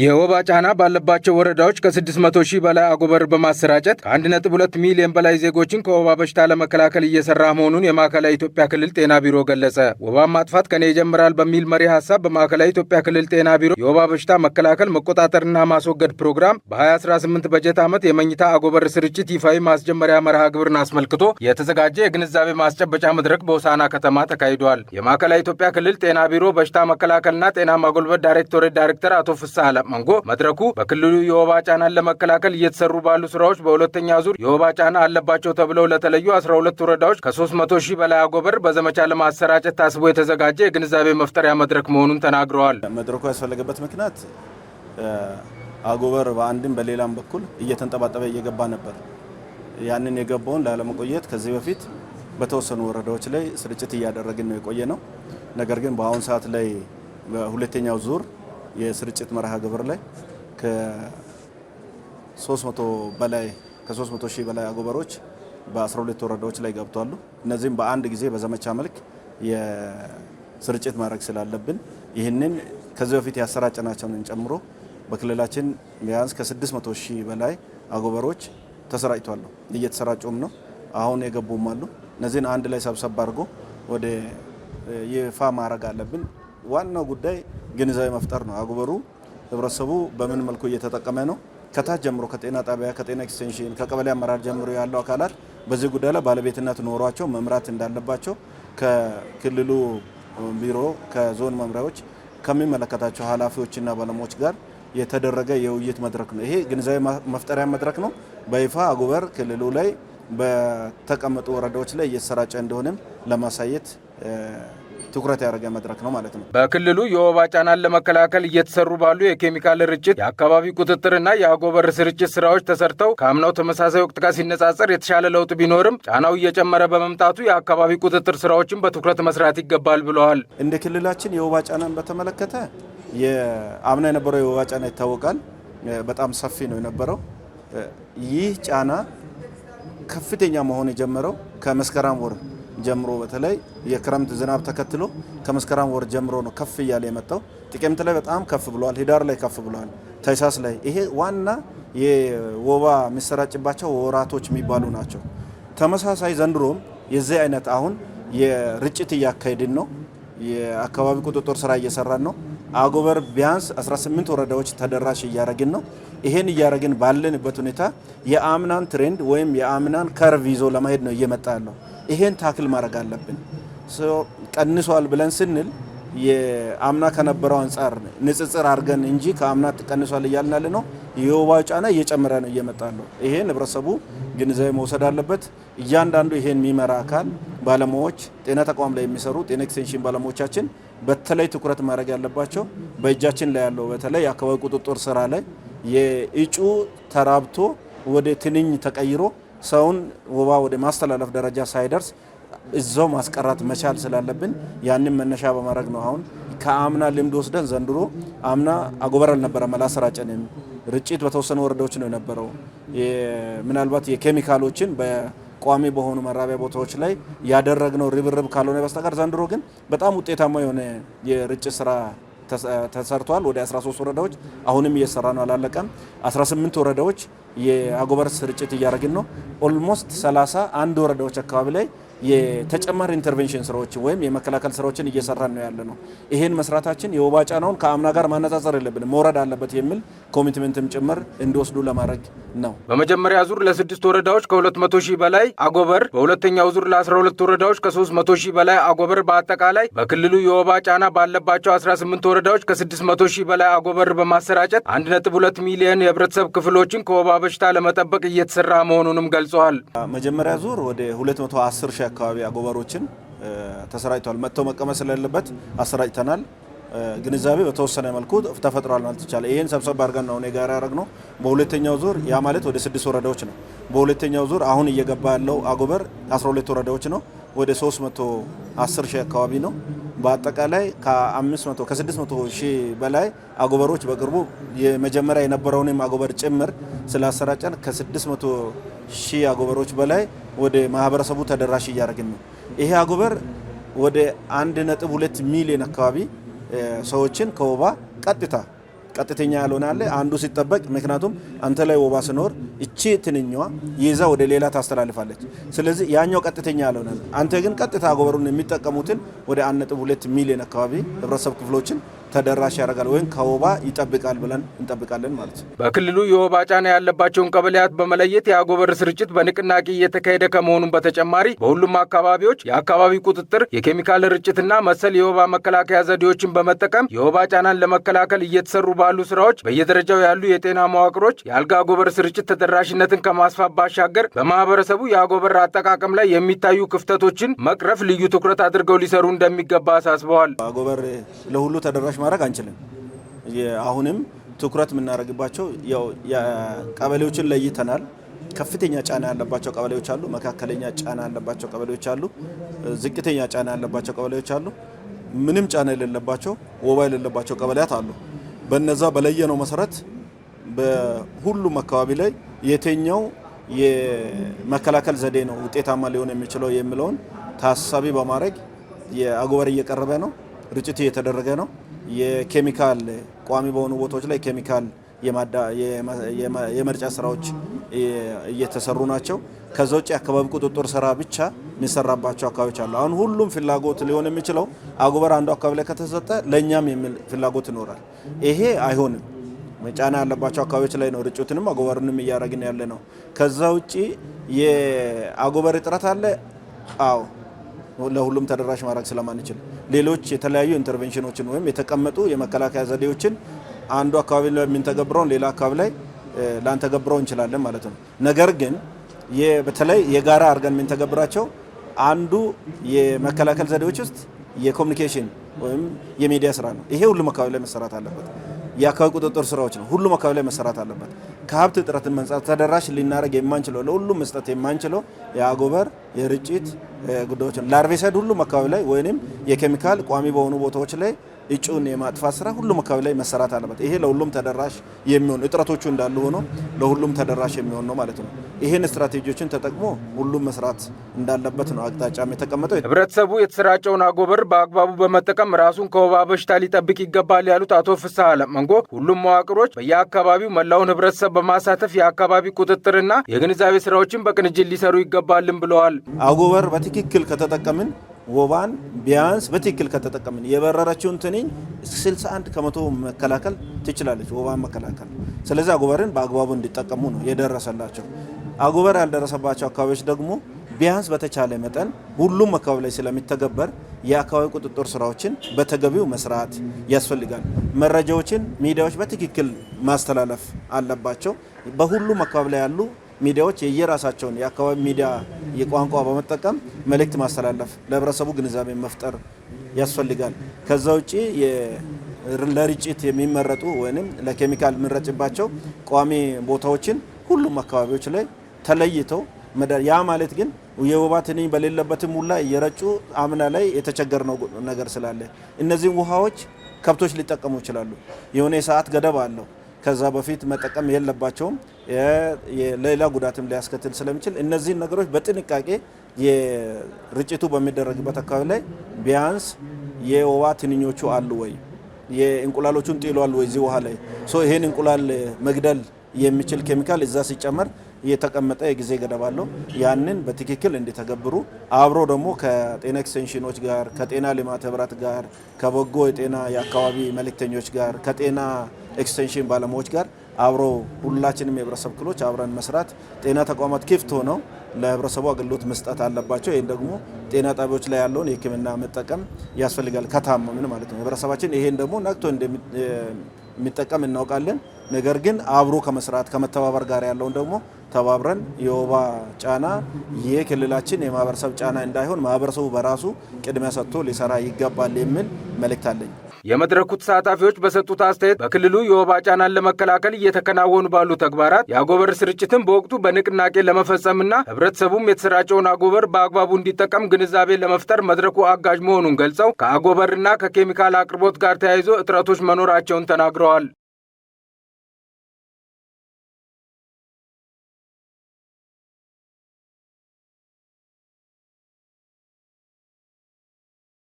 የወባ ጫና ባለባቸው ወረዳዎች ከ600 ሺህ በላይ አጎበር በማሰራጨት ከ1.2 ሚሊዮን በላይ ዜጎችን ከወባ በሽታ ለመከላከል እየሰራ መሆኑን የማዕከላዊ ኢትዮጵያ ክልል ጤና ቢሮ ገለጸ። ወባን ማጥፋት ከኔ ይጀምራል በሚል መሪ ሀሳብ በማዕከላዊ ኢትዮጵያ ክልል ጤና ቢሮ የወባ በሽታ መከላከል መቆጣጠርና ማስወገድ ፕሮግራም በ2018 በጀት ዓመት የመኝታ አጎበር ስርጭት ይፋዊ ማስጀመሪያ መርሃ ግብርን አስመልክቶ የተዘጋጀ የግንዛቤ ማስጨበጫ መድረክ በውሳና ከተማ ተካሂዷል። የማዕከላዊ ኢትዮጵያ ክልል ጤና ቢሮ በሽታ መከላከልና ጤና ማጎልበት ዳይሬክቶሬት ዳይሬክተር አቶ ፍሳ መንጎ መድረኩ በክልሉ የወባ ጫናን ለመከላከል እየተሰሩ ባሉ ስራዎች በሁለተኛ ዙር የወባ ጫና አለባቸው ተብለው ለተለዩ 12 ወረዳዎች ከ300 ሺህ በላይ አጎበር በዘመቻ ለማሰራጨት ታስቦ የተዘጋጀ የግንዛቤ መፍጠሪያ መድረክ መሆኑን ተናግረዋል። መድረኩ ያስፈለገበት ምክንያት አጎበር በአንድም በሌላም በኩል እየተንጠባጠበ እየገባ ነበር። ያንን የገባውን ላለመቆየት ከዚህ በፊት በተወሰኑ ወረዳዎች ላይ ስርጭት እያደረግን ነው የቆየ ነው። ነገር ግን በአሁኑ ሰዓት ላይ በሁለተኛው ዙር የስርጭት መርሃ ግብር ላይ ከ300 በላይ ከ300 ሺህ በላይ አጎበሮች በ12 ወረዳዎች ላይ ገብቷሉ። እነዚህም በአንድ ጊዜ በዘመቻ መልክ የስርጭት ማድረግ ስላለብን ይህንን ከዚህ በፊት ያሰራጨናቸውን ጨምሮ በክልላችን ቢያንስ ከ600 ሺህ በላይ አጎበሮች ተሰራጭቷሉ። እየተሰራጩም ነው። አሁን የገቡም አሉ። እነዚህን አንድ ላይ ሰብሰብ አድርጎ ወደ ይፋ ማድረግ አለብን። ዋናው ጉዳይ ግንዛቤ መፍጠር ነው። አጉበሩ ህብረተሰቡ በምን መልኩ እየተጠቀመ ነው? ከታች ጀምሮ ከጤና ጣቢያ፣ ከጤና ኤክስቴንሽን፣ ከቀበሌ አመራር ጀምሮ ያለው አካላት በዚህ ጉዳይ ላይ ባለቤትነት ኖሯቸው መምራት እንዳለባቸው ከክልሉ ቢሮ፣ ከዞን መምሪያዎች፣ ከሚመለከታቸው ኃላፊዎችና ባለሙያዎች ጋር የተደረገ የውይይት መድረክ ነው። ይሄ ግንዛቤ መፍጠሪያ መድረክ ነው። በይፋ አጉበር ክልሉ ላይ በተቀመጡ ወረዳዎች ላይ እየተሰራጨ እንደሆነም ለማሳየት ትኩረት ያደረገ መድረክ ነው ማለት ነው። በክልሉ የወባ ጫናን ለመከላከል እየተሰሩ ባሉ የኬሚካል ርጭት፣ የአካባቢ ቁጥጥርና የአጎበር ስርጭት ስራዎች ተሰርተው ከአምናው ተመሳሳይ ወቅት ጋር ሲነጻጸር የተሻለ ለውጥ ቢኖርም ጫናው እየጨመረ በመምጣቱ የአካባቢ ቁጥጥር ስራዎችን በትኩረት መስራት ይገባል ብለዋል። እንደ ክልላችን የወባ ጫናን በተመለከተ የአምና የነበረው የወባ ጫና ይታወቃል። በጣም ሰፊ ነው የነበረው። ይህ ጫና ከፍተኛ መሆን የጀመረው ከመስከረም ወር ጀምሮ በተለይ የክረምት ዝናብ ተከትሎ ከመስከረም ወር ጀምሮ ነው ከፍ እያለ የመጣው። ጥቅምት ላይ በጣም ከፍ ብሏል፣ ህዳር ላይ ከፍ ብሏል፣ ታህሳስ ላይ። ይሄ ዋና የወባ የሚሰራጭባቸው ወራቶች የሚባሉ ናቸው። ተመሳሳይ ዘንድሮም የዚህ አይነት አሁን የርጭት እያካሄድን ነው። የአካባቢ ቁጥጥር ስራ እየሰራን ነው። አጎበር ቢያንስ 18 ወረዳዎች ተደራሽ እያደረግን ነው። ይሄን እያደረግን ባለንበት ሁኔታ የአምናን ትሬንድ ወይም የአምናን ከርቭ ይዞ ለማሄድ ነው እየመጣ ያለው። ይሄን ታክል ማድረግ አለብን። ቀንሷል ብለን ስንል የአምና ከነበረው አንጻር ንጽጽር አድርገን እንጂ ከአምና ቀንሷል እያልን ያለ ነው። የወባ ጫና እየጨመረ ነው እየመጣ ያለው። ይሄን ህብረተሰቡ ግንዛቤ መውሰድ አለበት። እያንዳንዱ ይሄን የሚመራ አካል ባለሙያዎች፣ ጤና ተቋም ላይ የሚሰሩ ጤና ኤክስቴንሽን ባለሙያዎቻችን በተለይ ትኩረት ማድረግ ያለባቸው በእጃችን ላይ ያለው በተለይ የአካባቢ ቁጥጥር ስራ ላይ የእጩ ተራብቶ ወደ ትንኝ ተቀይሮ ሰውን ወባ ወደ ማስተላለፍ ደረጃ ሳይደርስ እዛው ማስቀራት መቻል ስላለብን ያንን መነሻ በማድረግ ነው። አሁን ከአምና ልምድ ወስደን ዘንድሮ አምና አጎበር አልነበረም፣ አላሰራጨንም። ርጭት በተወሰኑ ወረዳዎች ነው የነበረው። ምናልባት የኬሚካሎችን ቋሚ በሆኑ መራቢያ ቦታዎች ላይ ያደረግነው ርብርብ ካልሆነ በስተቀር ዘንድሮ ግን በጣም ውጤታማ የሆነ የርጭት ስራ ተሰርቷል። ወደ 13 ወረዳዎች አሁንም እየሰራ ነው፣ አላለቀም። 18 ወረዳዎች የአጎበር ስርጭት እያደረግን ነው። ኦልሞስት 30 አንድ ወረዳዎች አካባቢ ላይ የተጨማሪ ኢንተርቬንሽን ስራዎችን ወይም የመከላከል ስራዎችን እየሰራን ነው ያለ ነው። ይሄን መስራታችን የወባ ጫናውን ከአምና ጋር ማነጻጸር የለብንም መውረድ አለበት የሚል ኮሚትመንትም ጭምር እንዲወስዱ ለማድረግ ነው። በመጀመሪያ ዙር ለስድስት ወረዳዎች ከ200 ሺህ በላይ አጎበር፣ በሁለተኛው ዙር ለ12 ወረዳዎች ከ300 ሺህ በላይ አጎበር፣ በአጠቃላይ በክልሉ የወባ ጫና ባለባቸው 18 ወረዳዎች ከ600 ሺህ በላይ አጎበር በማሰራጨት 1.2 ሚሊዮን የህብረተሰብ ክፍሎችን ከወባ በሽታ ለመጠበቅ እየተሰራ መሆኑንም ገልጸዋል። መጀመሪያ ዙር ወደ 210 ሺህ አካባቢ አጎበሮችን ተሰራጭቷል። መጥተው መቀመጥ ስለሌለበት አሰራጭተናል። ግንዛቤ በተወሰነ መልኩ ተፈጥሯል ማለት ይቻላል። ይህን ሰብሰብ አድርገን ነው እኔ ጋር ያደረግነው በሁለተኛው ዙር። ያ ማለት ወደ ስድስት ወረዳዎች ነው። በሁለተኛው ዙር አሁን እየገባ ያለው አጎበር 12 ወረዳዎች ነው። ወደ 310 ሺህ አካባቢ ነው። በአጠቃላይ ከ500 ከ600 ሺህ በላይ አጎበሮች በቅርቡ የመጀመሪያ የነበረውንም አጎበር ጭምር ስላሰራጨን ከ600 ሺህ አጎበሮች በላይ ወደ ማህበረሰቡ ተደራሽ እያደረግን ነው። ይሄ አጎበር ወደ 1.2 ሚሊዮን አካባቢ ሰዎችን ከወባ ቀጥታ ቀጥተኛ ያልሆናለ አንዱ ሲጠበቅ፣ ምክንያቱም አንተ ላይ ወባ ሲኖር እቺ ትንኛዋ ይዛ ወደ ሌላ ታስተላልፋለች። ስለዚህ ያኛው ቀጥተኛ ያልሆነ አንተ ግን ቀጥታ አጎበሩን የሚጠቀሙትን ወደ 1.2 ሚሊዮን አካባቢ ህብረተሰብ ክፍሎችን ተደራሽ ያደርጋል ወይም ከወባ ይጠብቃል ብለን እንጠብቃለን ማለት ነው። በክልሉ የወባ ጫና ያለባቸውን ቀበሌያት በመለየት የአጎበር ስርጭት በንቅናቄ እየተካሄደ ከመሆኑን በተጨማሪ በሁሉም አካባቢዎች የአካባቢ ቁጥጥር፣ የኬሚካል ርጭትና መሰል የወባ መከላከያ ዘዴዎችን በመጠቀም የወባ ጫናን ለመከላከል እየተሰሩ ባሉ ስራዎች በየደረጃው ያሉ የጤና መዋቅሮች የአልጋ አጎበር ስርጭት ተደራሽነትን ከማስፋት ባሻገር በማህበረሰቡ የአጎበር አጠቃቀም ላይ የሚታዩ ክፍተቶችን መቅረፍ ልዩ ትኩረት አድርገው ሊሰሩ እንደሚገባ አሳስበዋል። አጎበር ለሁሉ ተደራሽ ማድረግ አንችልም። አሁንም ትኩረት የምናደርግባቸው ቀበሌዎችን ለይተናል። ከፍተኛ ጫና ያለባቸው ቀበሌዎች አሉ። መካከለኛ ጫና ያለባቸው ቀበሌዎች አሉ። ዝቅተኛ ጫና ያለባቸው ቀበሌዎች አሉ። ምንም ጫና የሌለባቸው ወባ የሌለባቸው ቀበሌያት አሉ። በነዛ በለየነው መሰረት በሁሉም አካባቢ ላይ የትኛው የመከላከል ዘዴ ነው ውጤታማ ሊሆን የሚችለው የሚለውን ታሳቢ በማድረግ የአጎበር እየቀረበ ነው። ርጭት እየተደረገ ነው። የኬሚካል ቋሚ በሆኑ ቦታዎች ላይ ኬሚካል የመርጫ ስራዎች እየተሰሩ ናቸው። ከዛ ውጭ አካባቢ ቁጥጥር ስራ ብቻ የሚሰራባቸው አካባቢዎች አሉ። አሁን ሁሉም ፍላጎት ሊሆን የሚችለው አጎበር አንዱ አካባቢ ላይ ከተሰጠ ለእኛም የሚል ፍላጎት ይኖራል። ይሄ አይሆንም። ጫና ያለባቸው አካባቢዎች ላይ ነው ርጭትንም አጎበርንም እያደረግን ያለ ነው። ከዛ ውጭ የአጎበር እጥረት አለ። አዎ ለሁሉም ተደራሽ ማድረግ ስለማንችል ሌሎች የተለያዩ ኢንተርቬንሽኖችን ወይም የተቀመጡ የመከላከያ ዘዴዎችን አንዱ አካባቢ ላይ የምንተገብረውን ሌላ አካባቢ ላይ ላንተገብረው እንችላለን ማለት ነው። ነገር ግን በተለይ የጋራ አድርገን የምንተገብራቸው አንዱ የመከላከል ዘዴዎች ውስጥ የኮሚኒኬሽን ወይም የሚዲያ ስራ ነው። ይሄ ሁሉም አካባቢ ላይ መሰራት አለበት። የአካባቢ ቁጥጥር ስራዎች ነው። ሁሉም አካባቢ ላይ መሰራት አለበት። ከሀብት እጥረት መንጻት ተደራሽ ልናደረግ የማንችለው ለሁሉም መስጠት የማንችለው የአጎበር የርጭት ጉዳዮች ነው። ለአርቬሳይድ ሁሉም አካባቢ ላይ ወይም የኬሚካል ቋሚ በሆኑ ቦታዎች ላይ እጩን የማጥፋት ስራ ሁሉም አካባቢ ላይ መሰራት አለበት። ይሄ ለሁሉም ተደራሽ የሚሆን እጥረቶቹ እንዳሉ ሆኖ ለሁሉም ተደራሽ የሚሆን ነው ማለት ነው። ይሄን ስትራቴጂዎችን ተጠቅሞ ሁሉም መስራት እንዳለበት ነው አቅጣጫም የተቀመጠው። ህብረተሰቡ የተሰራጨውን አጎበር በአግባቡ በመጠቀም ራሱን ከወባ በሽታ ሊጠብቅ ይገባል ያሉት አቶ ፍስሐ ለመንጎ ሁሉም መዋቅሮች በየአካባቢው መላውን ህብረተሰብ በማሳተፍ የአካባቢ ቁጥጥርና የግንዛቤ ስራዎችን በቅንጅት ሊሰሩ ይገባልን ብለዋል። አጎበር በትክክል ከተጠቀምን ወባን ቢያንስ በትክክል ከተጠቀምን የበረረችውን ትንኝ 61 ከመቶ መከላከል ትችላለች፣ ወባን መከላከል። ስለዚህ አጎበርን በአግባቡ እንዲጠቀሙ ነው የደረሰላቸው። አጎበር ያልደረሰባቸው አካባቢዎች ደግሞ ቢያንስ በተቻለ መጠን ሁሉም አካባቢ ላይ ስለሚተገበር የአካባቢ ቁጥጥር ስራዎችን በተገቢው መስራት ያስፈልጋል። መረጃዎችን ሚዲያዎች በትክክል ማስተላለፍ አለባቸው። በሁሉም አካባቢ ላይ ያሉ ሚዲያዎች የየራሳቸውን የአካባቢ ሚዲያ የቋንቋ በመጠቀም መልእክት ማስተላለፍ ለህብረተሰቡ ግንዛቤ መፍጠር ያስፈልጋል። ከዛ ውጭ ለርጭት የሚመረጡ ወይም ለኬሚካል የምንረጭባቸው ቋሚ ቦታዎችን ሁሉም አካባቢዎች ላይ ተለይተው ያ ማለት ግን የወባ ትንኝ በሌለበትም ሁላ እየረጩ አምና ላይ ነው ነገር ስላለ እነዚህ ውሃዎች ከብቶች ሊጠቀሙ ይችላሉ። የሆነ የሰዓት ገደብ አለው። ከዛ በፊት መጠቀም የለባቸውም። ሌላ ጉዳትም ሊያስከትል ስለሚችል እነዚህን ነገሮች በጥንቃቄ የርጭቱ በሚደረግበት አካባቢ ላይ ቢያንስ የወባ ትንኞቹ አሉ ወይ፣ የእንቁላሎቹን ጥሉ አሉ ወይ እዚህ ውሃ ላይ ይህን እንቁላል መግደል የሚችል ኬሚካል እዛ ሲጨመር የተቀመጠ የጊዜ ገደብ አለው። ያንን በትክክል እንዲተገብሩ አብሮ ደግሞ ከጤና ኤክስቴንሽኖች ጋር፣ ከጤና ልማት ህብረት ጋር፣ ከበጎ የጤና የአካባቢ መልእክተኞች ጋር፣ ከጤና ኤክስቴንሽን ባለሙያዎች ጋር አብሮ ሁላችንም የህብረተሰብ ክፍሎች አብረን መስራት፣ ጤና ተቋማት ክፍት ሆነው ለህብረተሰቡ አገልግሎት መስጠት አለባቸው። ይህን ደግሞ ጤና ጣቢያዎች ላይ ያለውን የህክምና መጠቀም ያስፈልጋል፣ ከታመምን ማለት ነው። ህብረተሰባችን ይሄን ደግሞ ነቅቶ እንደሚጠቀም እናውቃለን። ነገር ግን አብሮ ከመስራት ከመተባበር ጋር ያለውን ደግሞ ተባብረን የወባ ጫና የክልላችን የማህበረሰብ ጫና እንዳይሆን ማህበረሰቡ በራሱ ቅድሚያ ሰጥቶ ሊሰራ ይገባል የሚል መልእክት አለኝ። የመድረኩ ተሳታፊዎች በሰጡት አስተያየት በክልሉ የወባ ጫናን ለመከላከል እየተከናወኑ ባሉ ተግባራት የአጎበር ስርጭትን በወቅቱ በንቅናቄ ለመፈጸምና ህብረተሰቡም የተሰራጨውን አጎበር በአግባቡ እንዲጠቀም ግንዛቤ ለመፍጠር መድረኩ አጋዥ መሆኑን ገልጸው ከአጎበርና ከኬሚካል አቅርቦት ጋር ተያይዞ እጥረቶች መኖራቸውን ተናግረዋል።